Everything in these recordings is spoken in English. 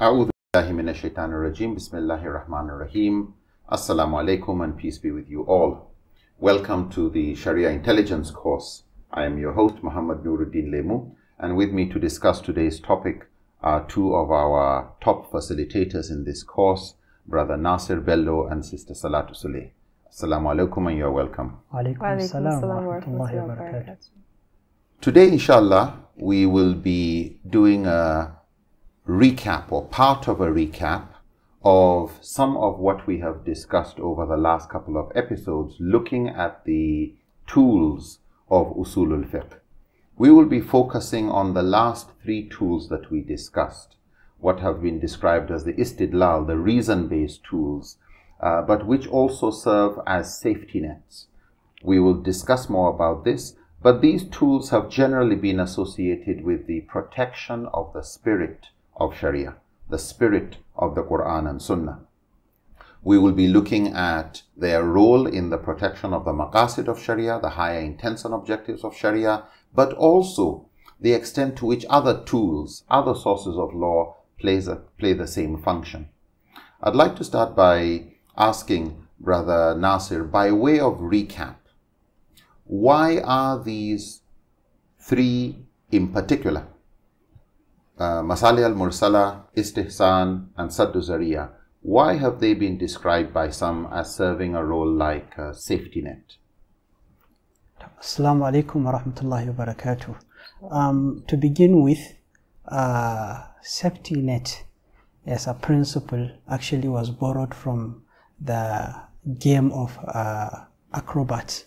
A'udhu billahi minash shaitanir rajim. Bismillahir rahmanir rahim. Assalamu alaikum and peace be with you all. Welcome to the Sharia Intelligence course. I am your host Muhammad Nuruddin Lemu and with me to discuss today's topic are two of our top facilitators in this course, Brother Nasir Bello and Sister Salatu Suleh. Assalamu alaikum and you're welcome. Today, inshallah, we will be doing a recap or part of a recap of some of what we have discussed over the last couple of episodes, looking at the tools of usul al fiqh. We will be focusing on the last three tools that we discussed, what have been described as the istidlal, the reason based tools, uh, but which also serve as safety nets. We will discuss more about this, but these tools have generally been associated with the protection of the spirit of Sharia, the spirit of the Quran and Sunnah. We will be looking at their role in the protection of the maqasid of Sharia, the higher intents and objectives of Sharia, but also the extent to which other tools, other sources of law plays a, play the same function. I'd like to start by asking Brother Nasir, by way of recap, why are these three in particular uh, Masali al-Mursala, Istihsan, and Saddu Zaria, why have they been described by some as serving a role like a safety net? Assalamu alaikum wa rahmatullahi wa barakatuh. Um, to begin with, uh, safety net as a principle actually was borrowed from the game of uh, acrobat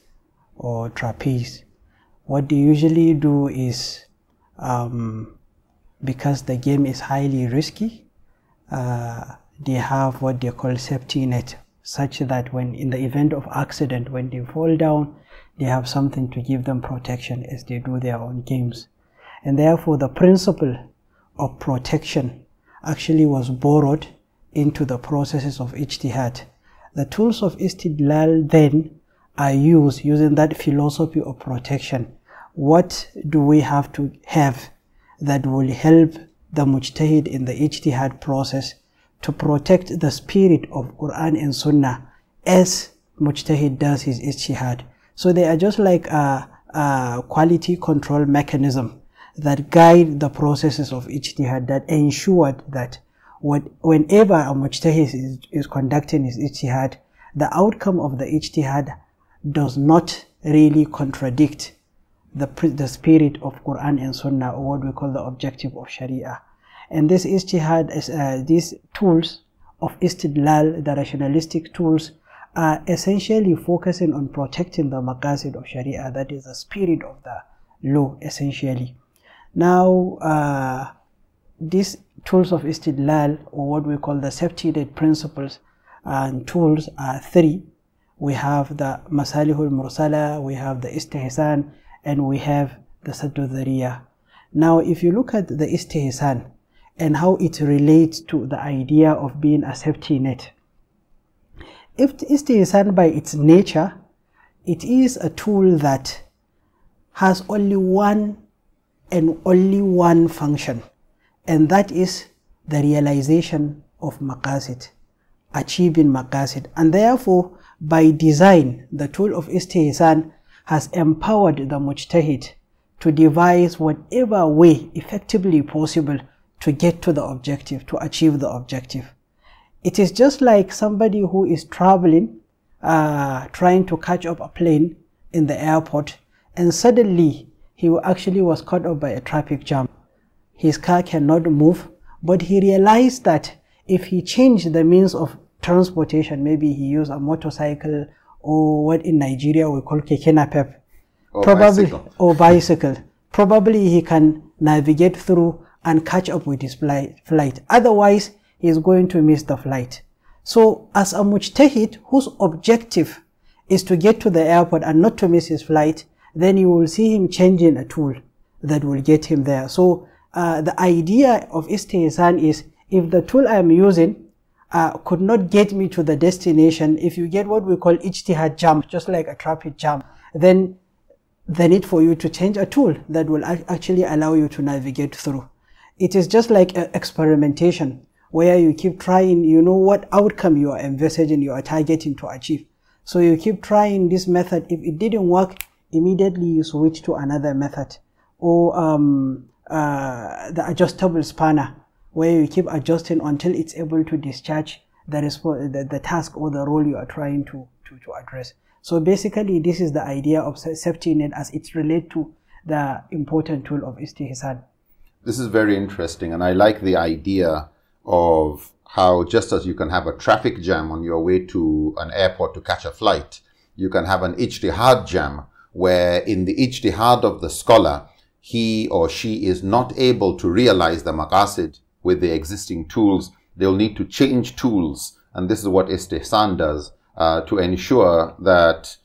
or trapeze. What they usually do is um, because the game is highly risky, uh, they have what they call safety net, such that when in the event of accident, when they fall down, they have something to give them protection as they do their own games. And therefore, the principle of protection actually was borrowed into the processes of ijtihad. The tools of istidlal then are used using that philosophy of protection. What do we have to have that will help the mujtahid in the ijtihad process to protect the spirit of Quran and Sunnah as mujtahid does his ijtihad. So they are just like a, a quality control mechanism that guide the processes of ijtihad that ensured that what, whenever a mujtahid is, is conducting his ijtihad, the outcome of the ijtihad does not really contradict the, the spirit of Quran and Sunnah or what we call the objective of Sharia. And this Istihad, is, uh, these tools of istidlal, the rationalistic tools, are essentially focusing on protecting the maqasid of Sharia, that is the spirit of the law, essentially. Now, uh, these tools of istidlal, or what we call the net principles and tools, are three. We have the masalihul mursala, we have the istihsan, and we have the Dharia. Now, if you look at the Istihsan and how it relates to the idea of being a safety net, if Istihsan by its nature, it is a tool that has only one and only one function, and that is the realization of maqasid, achieving maqasid. And therefore, by design, the tool of istihsan has empowered the mujtahid to devise whatever way effectively possible to get to the objective, to achieve the objective. It is just like somebody who is traveling, uh, trying to catch up a plane in the airport, and suddenly he actually was caught up by a traffic jam. His car cannot move, but he realized that if he changed the means of transportation, maybe he used a motorcycle or what in Nigeria we call keke napep, probably bicycle. or bicycle. probably he can navigate through and catch up with his flight. Otherwise, he is going to miss the flight. So, as a mujtahid whose objective is to get to the airport and not to miss his flight, then you will see him changing a tool that will get him there. So, uh, the idea of istihsan is if the tool I am using uh, could not get me to the destination, if you get what we call ijtihad jump, just like a traffic jump, then the need for you to change a tool that will actually allow you to navigate through. It is just like experimentation where you keep trying, you know what outcome you are envisaging, you are targeting to achieve. So you keep trying this method. If it didn't work, immediately you switch to another method or um, uh, the adjustable spanner where you keep adjusting until it's able to discharge the, the, the task or the role you are trying to, to, to address. So basically, this is the idea of safety net as it relates to the important tool of istihsan. This is very interesting, and I like the idea of how just as you can have a traffic jam on your way to an airport to catch a flight, you can have an ijtihad jam where in the ijtihad of the scholar, he or she is not able to realize the maqasid with the existing tools. They'll need to change tools, and this is what Estehsan does uh, to ensure that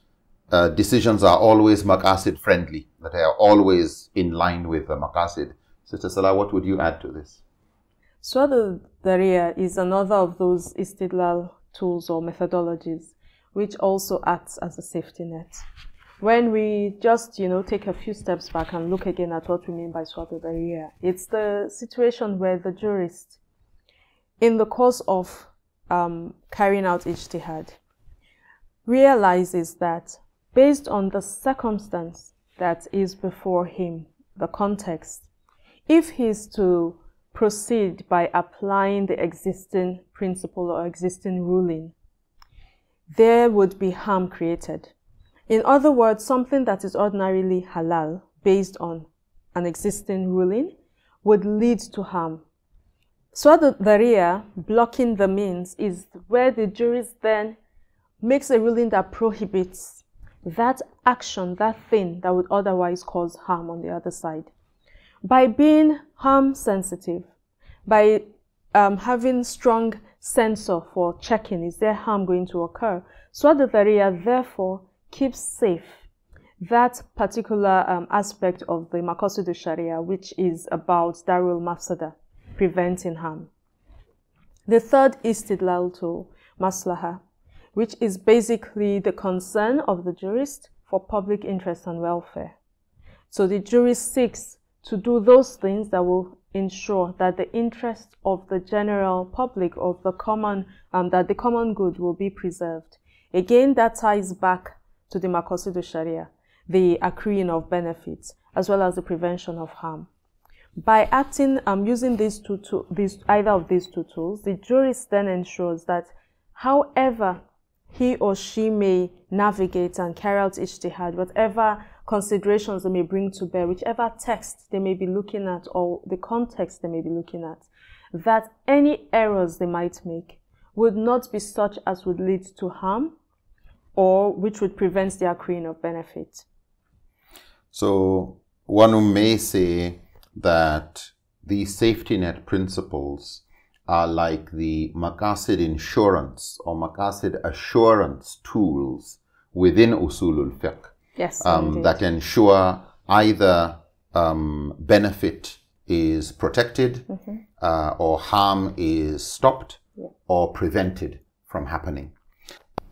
uh, decisions are always Maqasid friendly, that they are always in line with the Maqasid. Sister Salah, what would you add to this? Suad daria is another of those istidlal tools or methodologies, which also acts as a safety net when we just you know take a few steps back and look again at what we mean by swabeberia, it's the situation where the jurist, in the course of um, carrying out ijtihad, realizes that based on the circumstance that is before him, the context, if he's to proceed by applying the existing principle or existing ruling, there would be harm created in other words, something that is ordinarily halal based on an existing ruling would lead to harm. the Dharia, blocking the means, is where the jurist then makes a ruling that prohibits that action, that thing that would otherwise cause harm on the other side. By being harm sensitive, by um, having strong sensor for checking, is there harm going to occur? the Dharia, therefore, keeps safe that particular um, aspect of the Makasudu Sharia, which is about Darul Mafsada, preventing harm. The third is Tidlal to Maslaha, which is basically the concern of the jurist for public interest and welfare. So the jurist seeks to do those things that will ensure that the interest of the general public, of the common, um, that the common good will be preserved. Again, that ties back to the makosidu Sharia, the accruing of benefits, as well as the prevention of harm. By acting um, using these two, these, either of these two tools, the jurist then ensures that however he or she may navigate and carry out ijtihad, whatever considerations they may bring to bear, whichever text they may be looking at or the context they may be looking at, that any errors they might make would not be such as would lead to harm or which would prevent the accruing of benefit. So one may say that the safety net principles are like the makassid insurance or makassid assurance tools within Usulul Fiqh yes, um, that ensure either um, benefit is protected mm-hmm. uh, or harm is stopped yeah. or prevented from happening.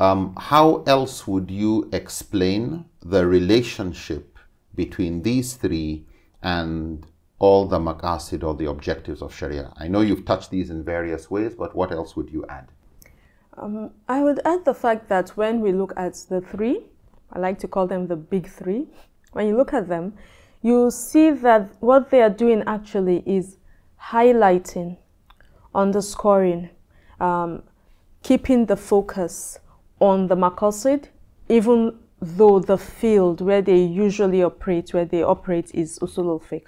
Um, how else would you explain the relationship between these three and all the maqasid or the objectives of Sharia? I know you've touched these in various ways, but what else would you add? Um, I would add the fact that when we look at the three, I like to call them the big three, when you look at them, you see that what they are doing actually is highlighting, underscoring, um, keeping the focus on the makassid, even though the field where they usually operate, where they operate is usulul fiqh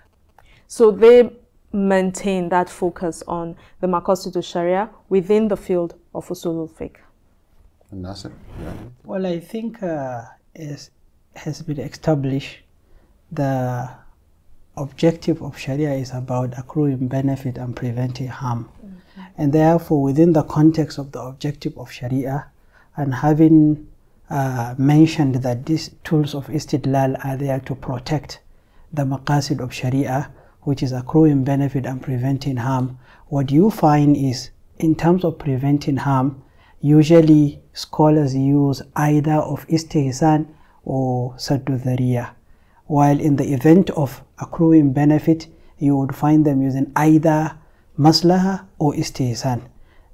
So they maintain that focus on the makassid al-Sharia within the field of usulul al And that's Yeah. Well, I think uh, it has been established the objective of Sharia is about accruing benefit and preventing harm. Mm -hmm. And therefore, within the context of the objective of Sharia, and having uh, mentioned that these tools of istidlal are there to protect the maqasid of sharia which is accruing benefit and preventing harm what you find is in terms of preventing harm usually scholars use either of istihsan or saddudhariya while in the event of accruing benefit you would find them using either maslaha or istihsan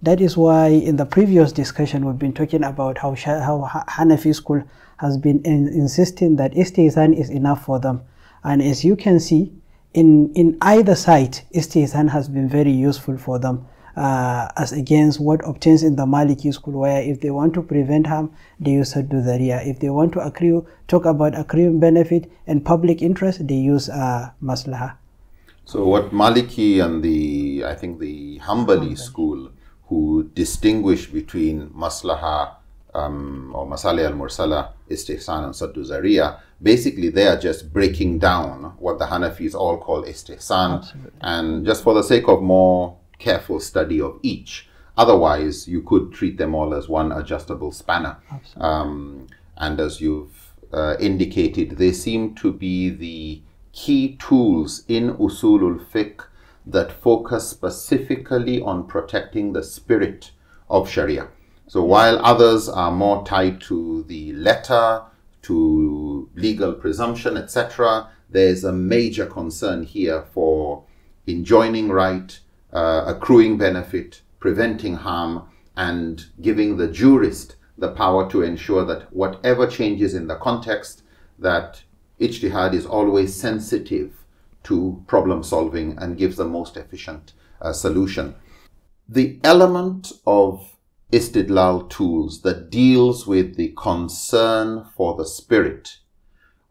that is why in the previous discussion we've been talking about how, how Hanafi school has been in insisting that istihsan is enough for them. And as you can see, in, in either side, istihsan has been very useful for them. Uh, as against what obtains in the Maliki school, where if they want to prevent harm, they use Saddudaria. If they want to accrue, talk about accruing benefit and public interest, they use uh, Maslaha. So what Maliki and the, I think the Hanbali, Hanbali. school who distinguish between maslaha um, or masali al-mursala, istihsan and saddu zaria, basically they are just breaking down what the Hanafis all call istihsan Absolutely. and just for the sake of more careful study of each. Otherwise, you could treat them all as one adjustable spanner. Um, and as you've uh, indicated, they seem to be the key tools in usul al fiqh that focus specifically on protecting the spirit of Sharia. So while others are more tied to the letter, to legal presumption, etc., there's a major concern here for enjoining right, uh, accruing benefit, preventing harm, and giving the jurist the power to ensure that whatever changes in the context, that ijtihad is always sensitive to problem solving and gives the most efficient uh, solution. The element of Istidlal tools that deals with the concern for the spirit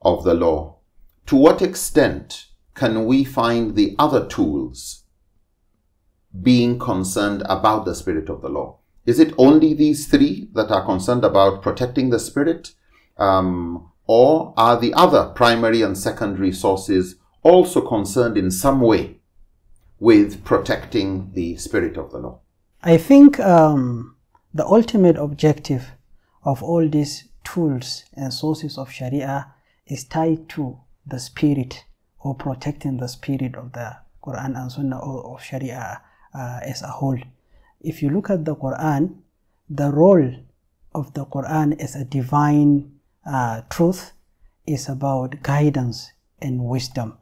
of the law. To what extent can we find the other tools being concerned about the spirit of the law? Is it only these three that are concerned about protecting the spirit? Um, or are the other primary and secondary sources also concerned in some way with protecting the spirit of the law? I think um, the ultimate objective of all these tools and sources of Sharia is tied to the spirit or protecting the spirit of the Quran and Sunnah or of Sharia uh, as a whole. If you look at the Quran, the role of the Quran as a divine uh, truth is about guidance and wisdom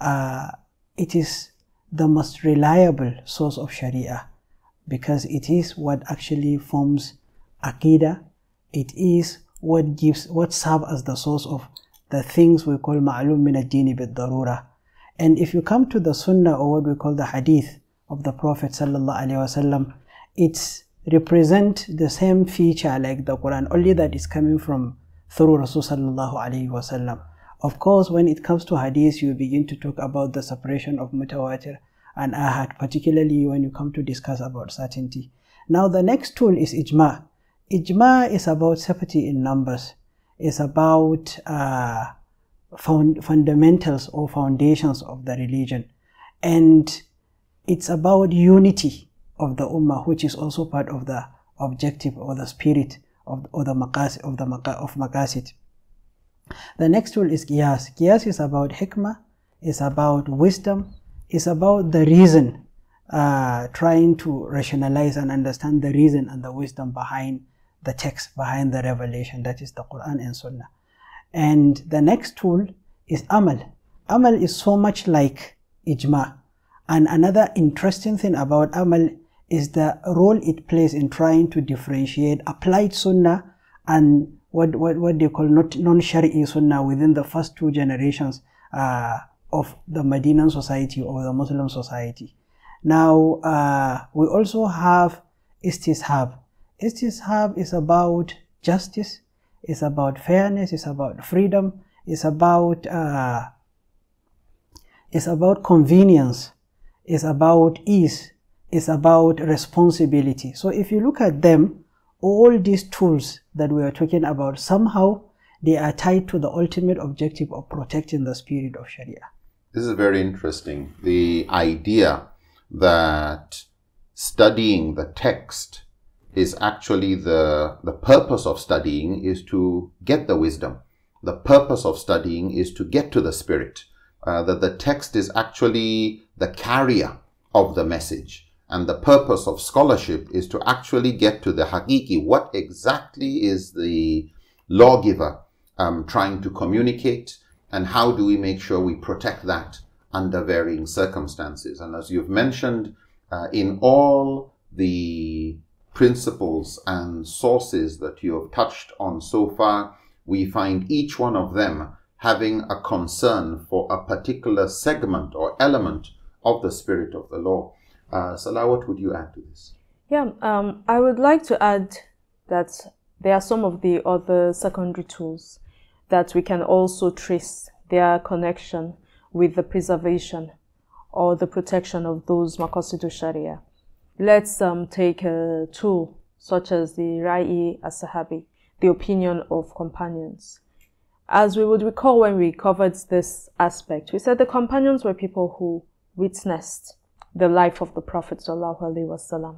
uh, it is the most reliable source of Sharia because it is what actually forms Aqidah. It is what gives, what serves as the source of the things we call ma'lum min ad bid-darura. And if you come to the Sunnah or what we call the Hadith of the Prophet sallallahu alaihi wasallam, it's represent the same feature like the Quran, only that is coming from through Rasul sallallahu alaihi wasallam. Of course, when it comes to hadith, you begin to talk about the separation of mutawatir and ahad, particularly when you come to discuss about certainty. Now, the next tool is ijma. Ijma is about safety in numbers. It's about uh, fund fundamentals or foundations of the religion. And it's about unity of the ummah, which is also part of the objective or the spirit of, or the maqasid, of the maqa, of maqasid. The next tool is Qiyas. Qiyas is about hikmah, is about wisdom, is about the reason, uh, trying to rationalize and understand the reason and the wisdom behind the text, behind the revelation, that is the Quran and Sunnah. And the next tool is Amal. Amal is so much like Ijma. And another interesting thing about Amal is the role it plays in trying to differentiate applied Sunnah and what what, what they call not non-Shari'i Sunnah within the first two generations uh, of the Medinan society or the Muslim society. Now uh, we also have istishab. Istishab is about justice, it's about fairness, it's about freedom, it's about uh, it's about convenience, it's about ease, it's about responsibility. So if you look at them, all these tools that we are talking about, somehow they are tied to the ultimate objective of protecting the spirit of Sharia. This is very interesting. The idea that studying the text is actually the, the purpose of studying is to get the wisdom. The purpose of studying is to get to the spirit. Uh, that the text is actually the carrier of the message. And the purpose of scholarship is to actually get to the hakiki. What exactly is the lawgiver um, trying to communicate? And how do we make sure we protect that under varying circumstances? And as you've mentioned, uh, in all the principles and sources that you have touched on so far, we find each one of them having a concern for a particular segment or element of the spirit of the law. Uh, Salah, what would you add to this? Yeah, um, I would like to add that there are some of the other secondary tools that we can also trace their connection with the preservation or the protection of those Makosidu Sharia. Let's um, take a tool such as the Ra'i Asahabi, the opinion of companions. As we would recall when we covered this aspect, we said the companions were people who witnessed the life of the Prophet wasallam.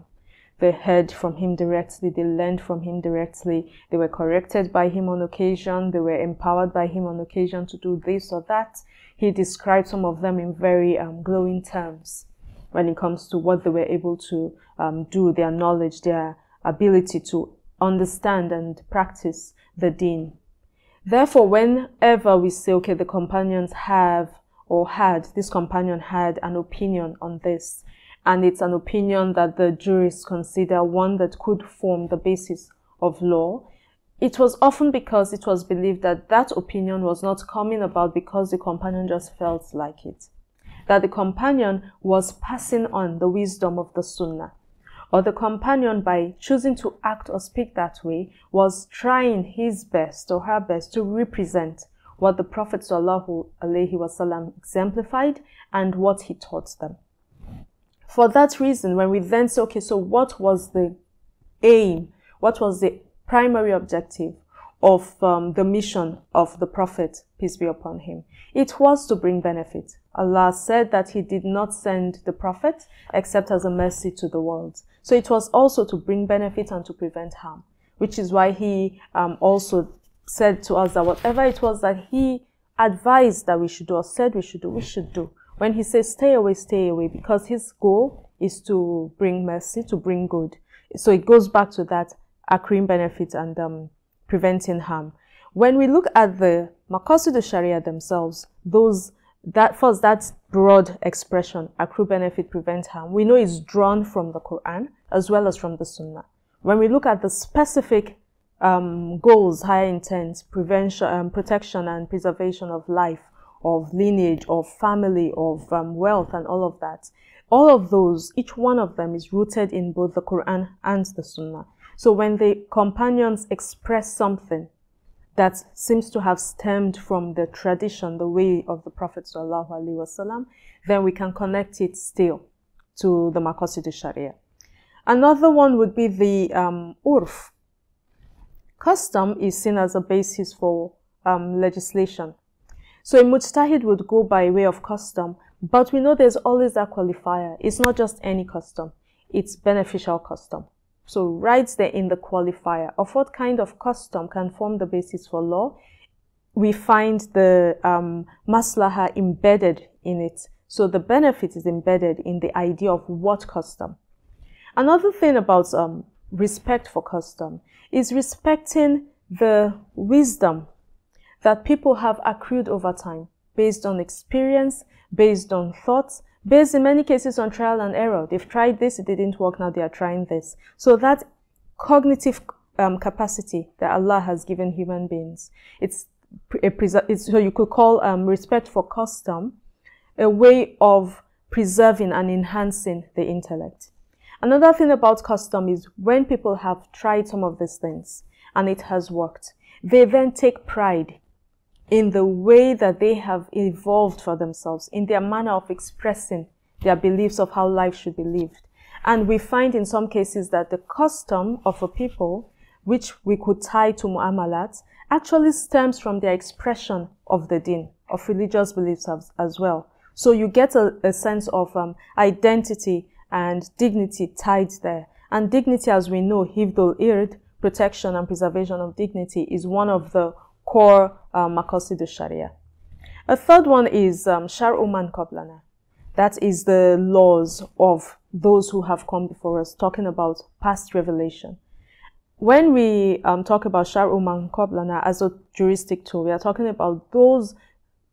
They heard from him directly, they learned from him directly, they were corrected by him on occasion, they were empowered by him on occasion to do this or that. He described some of them in very um, glowing terms when it comes to what they were able to um, do, their knowledge, their ability to understand and practice the deen. Therefore, whenever we say, okay, the companions have or had, this companion had an opinion on this. And it's an opinion that the jurists consider one that could form the basis of law. It was often because it was believed that that opinion was not coming about because the companion just felt like it. That the companion was passing on the wisdom of the sunnah or the companion by choosing to act or speak that way was trying his best or her best to represent what the Prophet wasallam exemplified and what he taught them. For that reason, when we then say, okay, so what was the aim? What was the primary objective of um, the mission of the Prophet, peace be upon him? It was to bring benefit. Allah said that he did not send the Prophet except as a mercy to the world. So it was also to bring benefit and to prevent harm, which is why he um, also said to us that whatever it was that he advised that we should do or said we should do, we should do. When he says stay away, stay away, because his goal is to bring mercy, to bring good. So it goes back to that accruing benefit and um, preventing harm. When we look at the Maqasid Sharia themselves, those that first that broad expression, accrue benefit, prevent harm, we know is drawn from the Quran as well as from the Sunnah. When we look at the specific um, goals, higher intent, prevention, um, protection and preservation of life, of lineage, of family, of um, wealth and all of that. All of those, each one of them is rooted in both the Quran and the Sunnah. So when the companions express something that seems to have stemmed from the tradition, the way of the Prophet wasallam, then we can connect it still to the Maqasid Sharia. Another one would be the um, Urf, Custom is seen as a basis for um, legislation. So a mujtahid would go by way of custom, but we know there's always that qualifier. It's not just any custom. It's beneficial custom. So right there in the qualifier of what kind of custom can form the basis for law, we find the um, maslaha embedded in it. So the benefit is embedded in the idea of what custom. Another thing about um, respect for custom is respecting the wisdom that people have accrued over time based on experience, based on thoughts, based in many cases on trial and error. They've tried this, it didn't work, now they are trying this. So that cognitive um, capacity that Allah has given human beings, it's, it's so you could call um, respect for custom a way of preserving and enhancing the intellect. Another thing about custom is when people have tried some of these things and it has worked, they then take pride in the way that they have evolved for themselves, in their manner of expressing their beliefs of how life should be lived. And we find in some cases that the custom of a people, which we could tie to mu'amalat, actually stems from their expression of the deen, of religious beliefs as, as well. So you get a, a sense of um, identity and dignity tied there. And dignity, as we know, Hivdol Ird, protection and preservation of dignity, is one of the core uh, Maqasid sharia A third one is um, Shar'uman Qablana. That is the laws of those who have come before us, talking about past revelation. When we um, talk about Shar'uman Qablana as a juristic tool, we are talking about those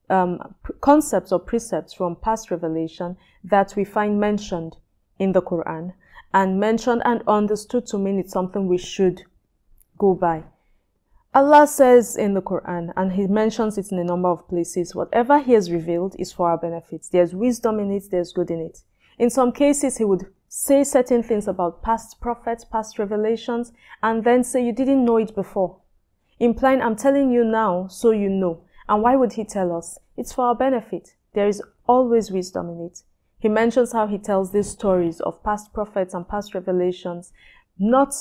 um, concepts or precepts from past revelation that we find mentioned in the Quran and mentioned and understood to mean it's something we should go by. Allah says in the Quran, and He mentions it in a number of places, whatever He has revealed is for our benefit. There's wisdom in it, there's good in it. In some cases, He would say certain things about past prophets, past revelations, and then say, You didn't know it before. Implying, I'm telling you now, so you know. And why would He tell us? It's for our benefit. There is always wisdom in it. He mentions how he tells these stories of past prophets and past revelations, not,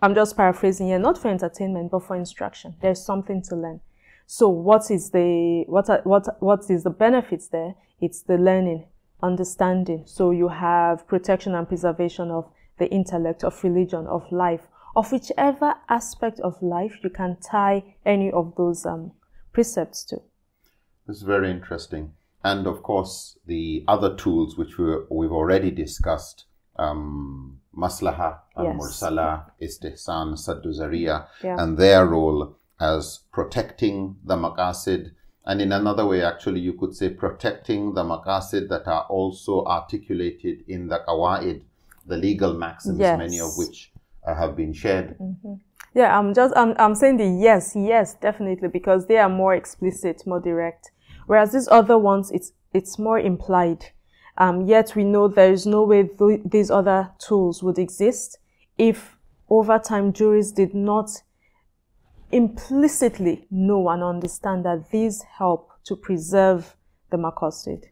I'm just paraphrasing here, not for entertainment, but for instruction. There's something to learn. So what is the, what, are, what, what is the benefits there? It's the learning, understanding. So you have protection and preservation of the intellect, of religion, of life, of whichever aspect of life you can tie any of those um, precepts to. It's very interesting and of course the other tools which we, we've already discussed um, maslaha and um, yes. mursala istihsan sadduzaria yeah. and their role as protecting the maqasid and in another way actually you could say protecting the maqasid that are also articulated in the qawaid the legal maxims yes. many of which uh, have been shared mm -hmm. yeah i'm just I'm, I'm saying the yes yes definitely because they are more explicit more direct Whereas these other ones, it's, it's more implied. Um, yet we know there is no way th these other tools would exist if over time juries did not implicitly know and understand that these help to preserve the Makosted.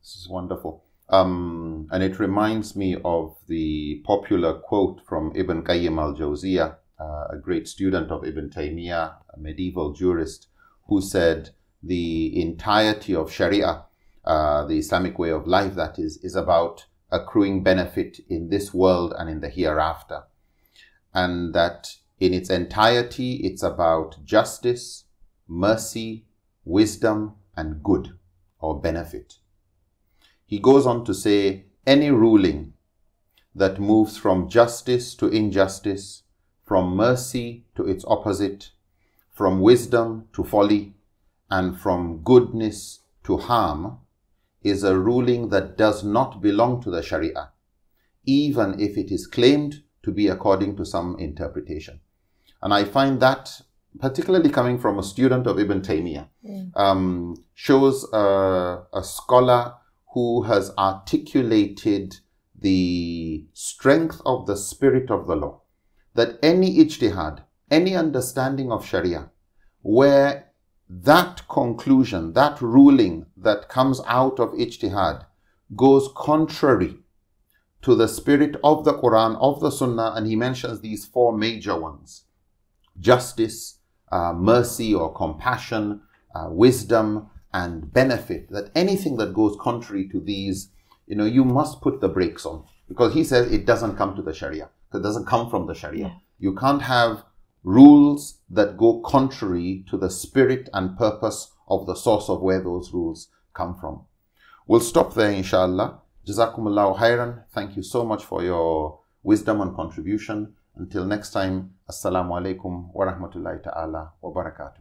This is wonderful. Um, and it reminds me of the popular quote from Ibn Qayyim al Jawziyah, uh, a great student of Ibn Taymiyyah, a medieval jurist, who said, the entirety of Sharia, uh, the Islamic way of life, that is, is about accruing benefit in this world and in the hereafter. And that in its entirety, it's about justice, mercy, wisdom, and good or benefit. He goes on to say any ruling that moves from justice to injustice, from mercy to its opposite, from wisdom to folly, and from goodness to harm is a ruling that does not belong to the Sharia, even if it is claimed to be according to some interpretation. And I find that, particularly coming from a student of Ibn Taymiyyah, mm. um, shows a, a scholar who has articulated the strength of the spirit of the law. That any ijtihad, any understanding of Sharia, where that conclusion, that ruling that comes out of ijtihad goes contrary to the spirit of the Quran, of the Sunnah, and he mentions these four major ones justice, uh, mercy or compassion, uh, wisdom, and benefit. That anything that goes contrary to these, you know, you must put the brakes on because he says it doesn't come to the Sharia, it doesn't come from the Sharia. Yeah. You can't have rules that go contrary to the spirit and purpose of the source of where those rules come from. We'll stop there, inshallah. Jazakumullahu khairan. Thank you so much for your wisdom and contribution. Until next time, Assalamu alaikum wa rahmatullahi ta'ala wa barakatuh.